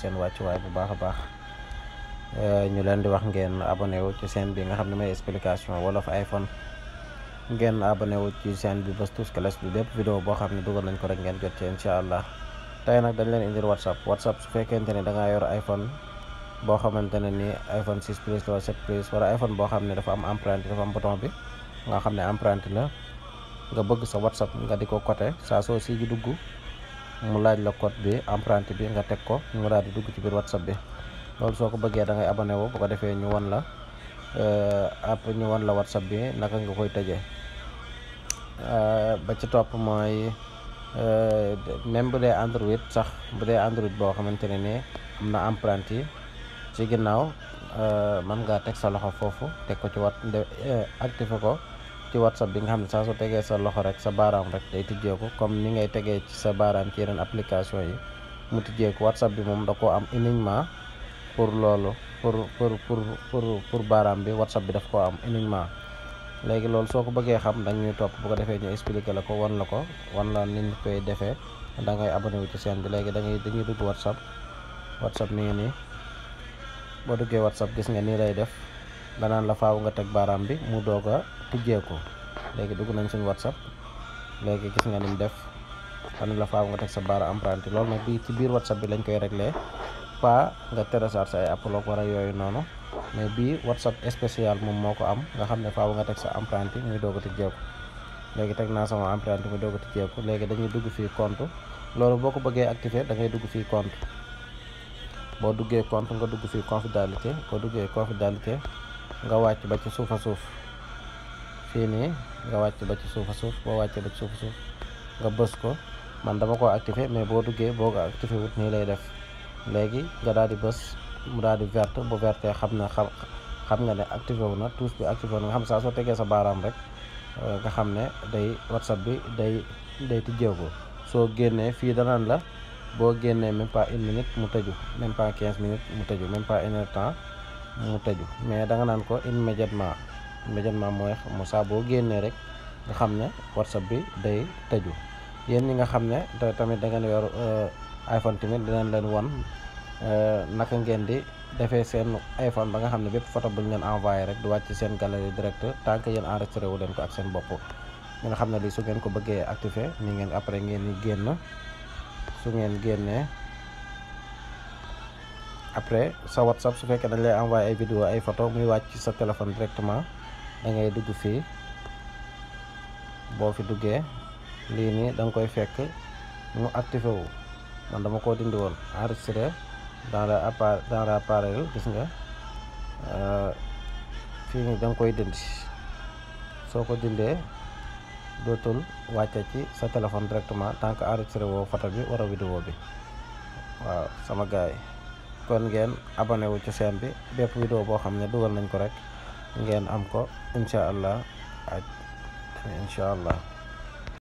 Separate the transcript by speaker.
Speaker 1: seen wàccuwaay bu baax a baax euh, ñu leen di wax ngeen abonné wu ci seen bi nga xam ne mooy explication wolof iPhone ngeen abonné wu ci seen bi bés tous clas bi bépp vidéo boo xam ne dugal ko rek ngeen jot ci incha allah tey nag dañ leen indil whatsapp whatsapp su fekkente ne da ngaa yor iPhone boo xamante ne ni iPhone 6 plus wala 7 plus wala iPhone boo xam ne dafa am empreinte dafa am bouton bi nga xam ne empreinte la nga bëgg sa whatsapp nga di ko côté saa soo si ji dugg mu laaj la code bi empreinte bi nga teg ko mu daal di dugg ci biir whatsapp bi loolu soo ko bëggee dangay ngay abonné ko defee ñu wan la euh, app ñu wan la whatsapp bi naka nga koy tëjee euh, ba ci topp mooy euh, même bu dee Android sax bu dee Android boo xamante ne nii am na empreinte yi ci ginnaaw mën ngaa teg sa loxo foofu teg ko ci wat activé ko ci whatsapp bi nga xam ne saa soo tegee sa loxo rek sa baaraam rek day ko comme ni ngay tegee ci sa baaraam ci yeneen application yi mu tijjeeku whatsapp bi moom da koo am uniquement pour loolu pour pour pour pour pour baaraam bi whatsapp bi daf koo am uniquement léegi loolu soo ko bëggee xam da ñuy topp bu ko defee ñu expliquer la ko wan la ko wan la ni ñu koy defee da ngay abonné wu ci seen bi léegi da ngay dañuy dugg whatsapp whatsapp mi ngi nii boo duggee whatsapp gis nga nii lay def danaan la faaw nga teg baaraam bi mu doog a tijjeeku léegi dugg nañ suñu whatsapp léegi gis nga nim def dana la faaw nga teg sa baara empreinte loolu nag bi ci biir whatsapp bi lañ koy réglé pas nga télécharge sa ay apolog war a yooyu noonu mais bii whatsapp spécial moom moo ko am nga xam ne faaw nga teg sa empreinte muy doog a tijjeeku léegi teg naa sama empreinte muy doog a tijjeeku léegi dañuy dugg fii compte loolu boo ko bëggee activé da ngay dugg fii compte boo duggee compte nga dugg fii confidalité boo duggee confidalité nga wàcc ba ci suufa suuf fii nii nga wàcc ba ci suufa suuf boo wàccee ba ci suufa nga bës ko man dama ko activé mais boo duggee boo ko activé wut nii lay def léegi nga daal di bës mu daal di verte bu verte xam ne xam xam nga ne activé na touche bi activé na nga xam ne saa soo tegee sa baaraam rek euh, nga xam ne day whatsapp bi day day tijjeeku soo génnee fii danaan la boo génnee même pas une minute mu tëju même pas quinze minutes mu tëju même pas une temps mu tëju mais da nga naan ko immédiatement immédiatement mooy mu saa boo génnee rek nga xam ne whatsapp bi day tëju yéen ñi nga xam ne te tamit da ngeen yor euh, iPhone tamit dinañ leen won euh, naka ngeen di defee seen iPhone ba nga xam ne bépp foto bu ñu leen envoyé rek du wàcc seen galerie direct tant que en enregistré wu leen ko ak seen bopp ngeen xam ne lii su ngeen ko bëggee activé ni ngeen après ngeen di génn su ngeen génnee après sa whatsapp su fekkee dañ lay envoyé ay vidéo ay foto muy wàcc ci sa téléphone directement da ngay dugg fii boo fi duggee lii nii da nga koy fekk mu activé wu man dama koo dindi woon enregistré dans le dans l'appareil gis nga euh, fii nii da nga koy dindi soo ko dindee dootul wàccee ci sa téléphone directement tant que woo photo bi wala vidéo bi waaw sama gars yi kon ngeen abonné wu ci chaîne bi bépp vidéo boo xam ne dugal nañ ko rek ngeen am ko incha allah aj incha allah